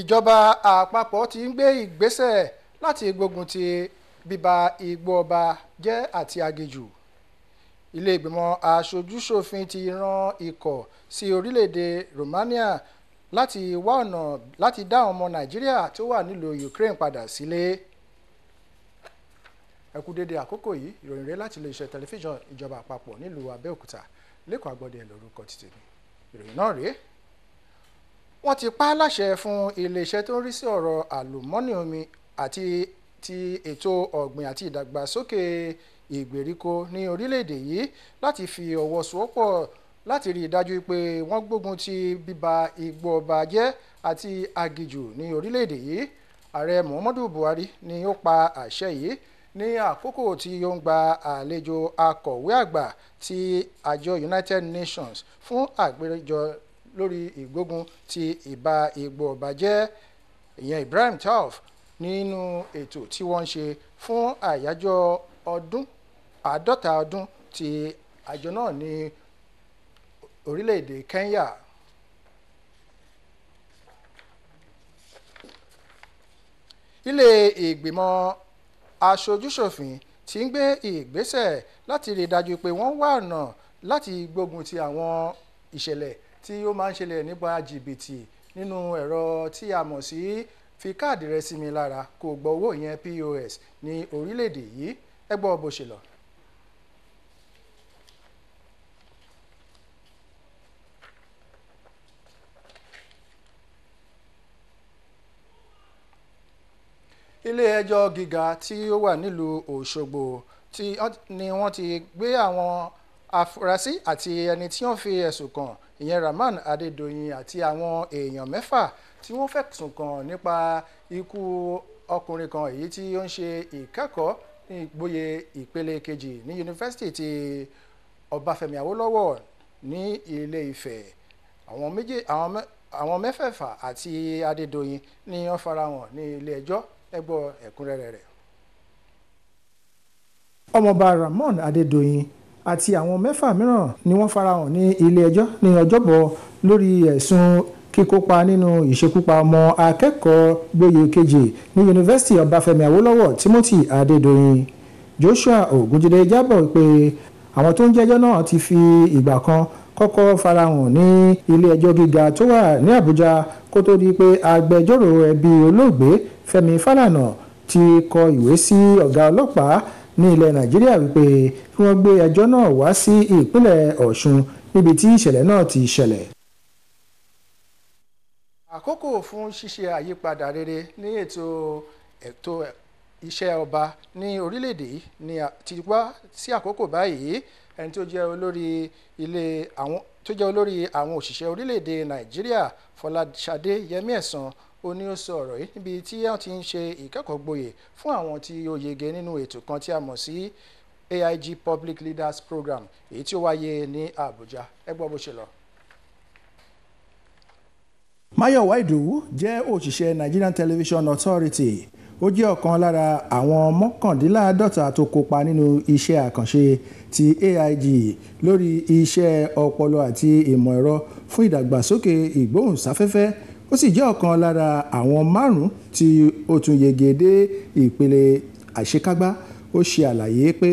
ìjọba àpapọ̀ ti ń gbé ìgbésẹ̀ láti gbógun ti bíba igbó ọba jẹ́ àti agejù ilé ìgbìmọ̀ aṣojúṣòfin ti rán ikọ̀ sí orílẹ̀-èdè Romania láti wá ọ̀nà láti dá ọmọ Nàìjíríà tó wà nílùú Ukraine padà sílé ẹ kú dédé àkókò yìí ìròyìn rẹ láti iléeṣẹ́ tẹlifíṣàn ìjọba àpapọ̀ nílùú Abẹ́òkúta lẹ́kọ̀ọ́ àgbọ̀dẹ lórúkọ títẹ̀ ìròyìn náà rèé wọ́n ti pa á láṣẹ fún iléeṣẹ́ tó ń rí sí ọ̀rọ̀ àlùmọ́nì omi àti ti ètò ọ̀gbìn àti ìdàgbàsókè ìgbèríko ní orílẹ̀-èdè yìí láti fi ọwọ́ sowọ́pọ̀ láti rí i dájú pé wọ́n gbógun ti bíba igbó ọba jẹ́ àti agijù ní orílẹ̀-èdè yìí ààrẹ muhammadu buhari ni ó pa àṣẹ yìí ní àkókò tí ó ń gba àlejò akọ̀wé àgbà ti àjọ united nations fún àgbéjọ lórí ìgbógun ti ìbá egbò ọ̀bàjẹ́ ìyẹn Ibrahim Taof nínú ètò tí wọ́n ń ṣe fún àyájọ́ ọdún àádọ́ta ọdún ti àjọ náà ní orílẹ̀-èdè Kenya. ilé ìgbìmọ̀ aṣojúṣòfin ti ń gbé ìgbésẹ̀ láti rí i dájú pé wọ́n wá ọ̀nà láti gbógun ti àwọn ìṣẹ̀lẹ̀ tí ó máa ń ṣẹlẹ̀ nípa jìbìtì nínú ẹ̀rọ tí a mọ̀ sí fi káàdì rẹ sí mi lára kó gbọ́ owó ìyẹn POS ní orílẹ̀-èdè yìí ẹ gbọ́ bó ṣe lọ. ilé-ẹjọ́ gíga tí ó wà nílùú Òṣogbo ni wọ́n ti gbé àwọn afurasí àti ẹni tí wọ́n fi ẹ̀sùn kàn ìyẹn Rahman Adédoyin àti àwọn èèyàn mẹ́fà tí wọ́n fẹ̀sùn kàn nípa ikú ọkùnrin kan èyí tí ó ń ṣe ìkẹ́kọ̀ọ́ ní ìgboyè ìpele kejì ní yunifásitì ti Ọbáfẹ́mi Awólọ́wọ̀ ní Ilé Ifẹ̀ àwọn méje àwọn mẹ́fẹ̀ẹ̀fà àti Adédoyin ni wọ́n farahàn ní ilé ẹjọ́ ẹ gbọ́ ẹ̀kúnrẹ́rẹ́ rẹ̀. ọmọọba Rahmon Adédoyin àti àwọn mẹ́fà mìíràn ni wọ́n farahàn ní ilé-ẹjọ́ ní ọjọ́bọ̀ lórí ẹ̀sùn kíkópa nínú ìṣekúpa ọmọ akẹ́kọ̀ọ́ gboyè kejì ní yunifásitì ọbáfẹ́mi awólọ́wọ̀ timothy adédọ̀yìn joshua ogunjide jábọ̀ pé àwọn tó ń jẹ́jọ́ náà ti fi ìgbà kan kọ́kọ́ farahàn ní ilé-ẹjọ́ gíga tó wà ní àbújá kó tó di pé agbẹjọ́rò ẹbí olóògbé fẹ́mi fálànà ti kọ ìwé sí ọ̀gá ọlọ́pàá ní ilẹ̀ nàìjíríà wípé kí wọ́n gbé ẹjọ́ náà wá sí ìpínlẹ̀ ọ̀ṣun níbi tí ìṣẹ̀lẹ̀ náà ti ṣẹlẹ̀. àkókò fún ṣíṣe àyípadà rere ní ètò ètò iṣẹ́ ọba ní orílẹ̀-èdè yìí ti wá sí àkókò báyìí ẹni tó jẹ́ olórí ilé àwọn tó jẹ́ olórí àwọn òṣìṣẹ́ orílẹ̀-èdè nàìjíríà fọláṣadé yẹmí ẹ̀sán ó ní ó sọ ọ̀rọ̀ yìí níbi tí wọ́n ti ń ṣe ìkẹ́kọ̀ọ́ gboyè fún àwọn tí ó yege nínú ètò kan tí a mọ̀ sí AIG Public Leaders Program èyí tí ó wáyé ní àbújá ẹ gbọ́ bó ṣe lọ. Máyọ̀wá Ìdòwú jẹ́ òṣìṣẹ́ Nigerian Television Authority ó jẹ́ ọ̀kan lára àwọn mọ́kàndínláàádọ́ta tó kópa nínú iṣẹ́ àkànṣe ti AIG lórí iṣẹ́ ọpọlọ àti ìmọ̀ ẹ̀rọ fún ìdàgbàsókè ìgbóhùnsáfẹ́fẹ́ ó sì jẹ́ ọ̀kan lára àwọn márùn-ún tí ó tún yege dé ìpele àṣekágbá ó ṣe àlàyé pé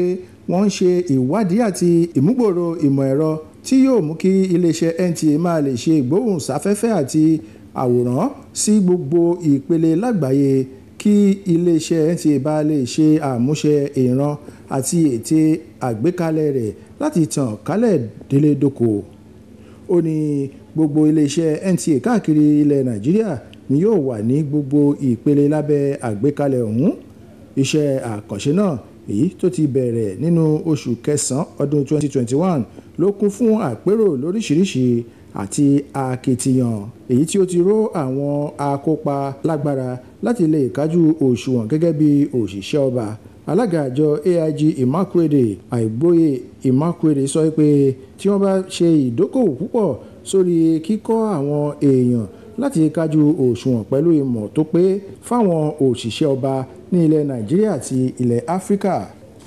wọ́n ń ṣe ìwádìí àti ìmúgbòòrò ìmọ̀ ẹ̀rọ tí yóò mú kí iléeṣẹ́ NTA máa lè ṣe ìgbóhùnsáfẹ́fẹ́ àti àwòrán sí gbogbo ìpele lágbàáyé kí iléeṣẹ́ NTA bá lè ṣe àmúṣe ìran àti ète àgbékalẹ̀ rẹ̀ láti tàn kálẹ̀ délé-dóko. ó ní gbogbo iléeṣẹ́ NTA káàkiri ilẹ̀ nàìjíríà ni yóò wà ní gbogbo ìpele lábẹ́ àgbékalẹ̀ ọ̀hún iṣẹ́ àkànṣe náà èyí tó ti bẹ̀rẹ̀ nínú oṣù kẹsàn-án ọdún 2021 ló kún fún àpérò lóríṣìíríṣìí àti akitiyan èyí tí ó ti ró àwọn akópa lágbára láti lè kájú òṣùwọ̀n gẹ́gẹ́ bí òṣìṣẹ́ ọba alága àjọ aig Immaculade Àìgbóyè Immaculade sọ pé tí wọ́n bá ṣe ìdókòwò púpọ̀ sórí kíkọ́ àwọn èèyàn láti kájú òṣùwọ̀n pẹ̀lú ìmọ̀ tó pé fáwọn òṣìṣẹ́ ọba ní ilẹ̀ Nàìjíríà àti ilẹ̀ Áfíríkà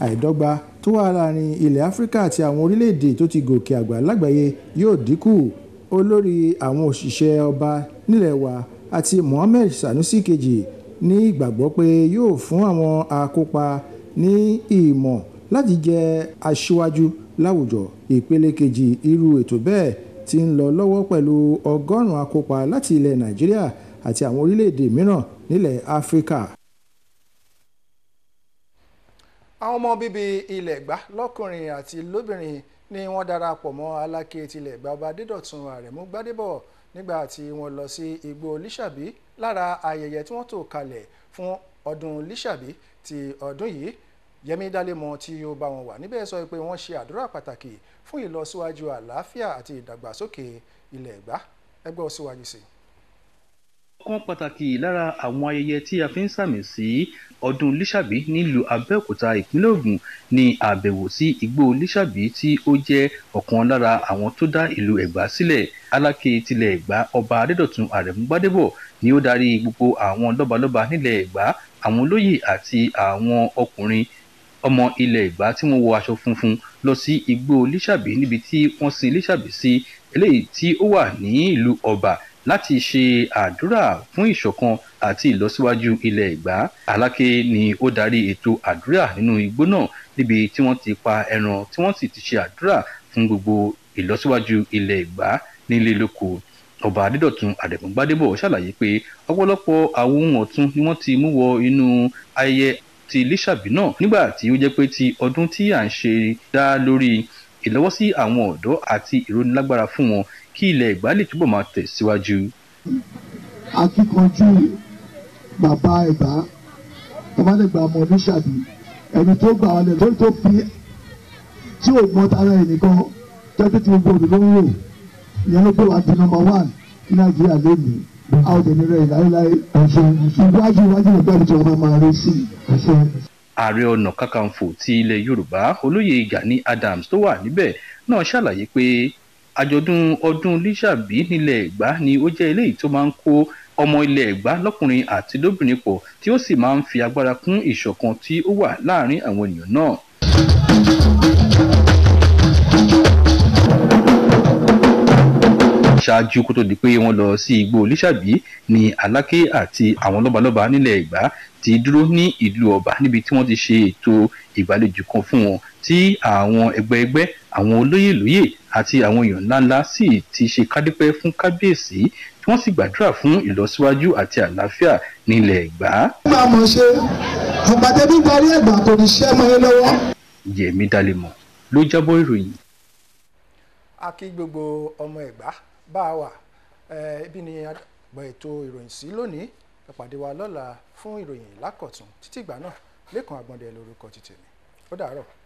àìdọ́gba tó wà láàrin ilẹ̀ Áfíríkà àti àwọn orílẹ̀-èdè tó ti gòkè àgbà lágbàáyé yóò dínkù olórí àwọn òṣìṣẹ́ ọba nílẹ̀ wa àti Mohammed Sanusi kejì ní ìgbàgbọ́ pé yóò fún àwọn akópa ní ìmọ̀ láti jẹ́ aṣíwájú láwùjọ ìpele kejì irú ètò bẹ́ẹ̀ ti ń lọ lọ́wọ́ pẹ̀lú ọgọ́rùn-ún akópa láti ilẹ̀ Nàìjíríà àti àwọn orílẹ̀-èdè mìíràn nílẹ̀ Áfíríkà àwọn ọmọ bíbí ilẹ̀ gbá lọ́kùnrin àti lóbìnrin ni wọ́n darapọ̀ mọ́ aláké tilẹ̀ bàbá adédọ̀tun àrẹ̀mú gbádébọ̀ nígbà tí wọ́n lọ sí igbó lísàbí lára ayẹyẹ tí wọ́n tò kalẹ̀ fún ọdún lísàbí ti ọdún yìí yẹmí dálémọ tí ó bá wọn wà níbẹ̀ sọ pé wọ́n ṣe àdúrà pàtàkì fún ìlọsíwájú àlàáfíà àti ìdàgbàsókè ilẹ̀ ẹ̀gbá ẹgbẹ́ òsíwájú sí i ọ̀kan pàtàkì lára àwọn ayẹyẹ tí a fi ń sàmì sí ọdún lísàbí nílùú abẹ́òkúta ìpínlẹ̀ ògùn ni àbẹ̀wò sí igbó lísàbí tí ó jẹ́ ọ̀kan lára àwọn tó dá ìlú ẹ̀gbá sílẹ̀ aláké tilẹ̀ ẹ̀gbá ọba adédọ̀tun àrẹ̀mú gbádébọ̀ ni ó darí gbogbo àwọn lọ́balọ́ba nílẹ̀ ẹ̀gbá àwọn olóyè àti àwọn ọkùnrin ọmọ ilẹ̀ ẹ̀gbá tí wọ́n wọ aṣọ funfun lọ sí igbó lísàbí níbi tí wọ́n sin lísàbí sí eléyìí tí ó wà ní ìlú ọba láti ṣe àdúrà fún ìṣọ̀kan àti ìlọsíwájú ilẹ̀ ìgbà aláké ni ó darí ètò àdúrà nínú igbó náà níbi tí wọ́n ti pa ẹran tí wọ́n sì ti ṣe àdúrà fún gbogbo ìlọsíwájú ilẹ̀ ìgbà nílé lóko ọba adédọ̀tun àdẹ̀kùn ṣàlàyé pé ọ̀pọ̀lọpọ̀ àwọn ohun ọ̀tun ni wọ́n ti mú wọ inú ayẹyẹ ti lísàbí náà nígbà tí ó jẹ́ pé ti ọdún tí à ń ṣe dá lórí ìlọ́wọ́sí àwọn ọ̀dọ́ àti ìrónilágbára fún wọn kí ilẹ̀ ìgbà lè túbọ̀ máa tẹ̀ síwájú. akíkanjú bàbá ẹ̀bá tọ́mọ́lẹ́gbà ọmọ oníṣàbí ẹni tó gbà wọlé lórí tó fi tí ò mọ tara ẹ̀ nìkan jẹ́ pé tí gbogbo òdòdó ń rò ìyẹn ló gbé wa di nọ́mbà wán ní nàìjíríà lónìí a ò dẹ̀mí rẹ̀ láéláé iwájú iwájú ìgbà tí wọn máa rí sí i. ààrẹ ọ̀nà kakanfò ti ilẹ̀ yorùbá olóyè Gani Adams tó wà níbẹ̀ náà ṣàlàyé pé àjọ̀dún ọdún lísàbí nílẹ̀ ẹ̀gbá ni ó jẹ́ eléyìí tó máa ń kó ọmọ ilẹ̀ ẹ̀gbá lọ́kùnrin àti lóbìnrin pọ̀ tí ó sì máa ń fi agbára kún ìṣọ̀kan tí ó wà láàárín àwọn ènìyàn náà. ṣáájú kó tó di pé wọ́n lọ sí igbó lísàbí ni aláké àti àwọn lọ́balọ́ba nílẹ̀ ẹ̀gbá ti dúró ní ìlú ọba níbi tí wọ́n ti ṣe ètò ìgbàlejò kan fún wọn tí àwọn ẹgbẹ́ ẹgbẹ́ àwọn olóyè lóyè àti àwọn èèyàn ńláńlá sì ti ṣe kádípẹ́ fún kábíyèsí tí wọ́n sì gbàdúrà fún ìlọsíwájú àti àlàáfíà nílẹ̀ Ẹ̀gbá. nígbà mọ̀ ṣe ọ̀pàtẹ́ gbígbà rí ẹ̀gbà kò ní ṣẹ́ mọ́ ẹ lọ́wọ́. Yẹmi Dalemọ ló jábọ̀ ìròyìn. a kí gbogbo ọmọ Ẹ̀gbá bá a wà ibi ni àgbà ètò ìròyìn sí lónìí ẹ wa lọ́la fún ìròyìn lákọ̀tún títí ìgbà náà Lékan Àgbọ̀ndẹ lórúkọ títèmi ó dàárọ̀.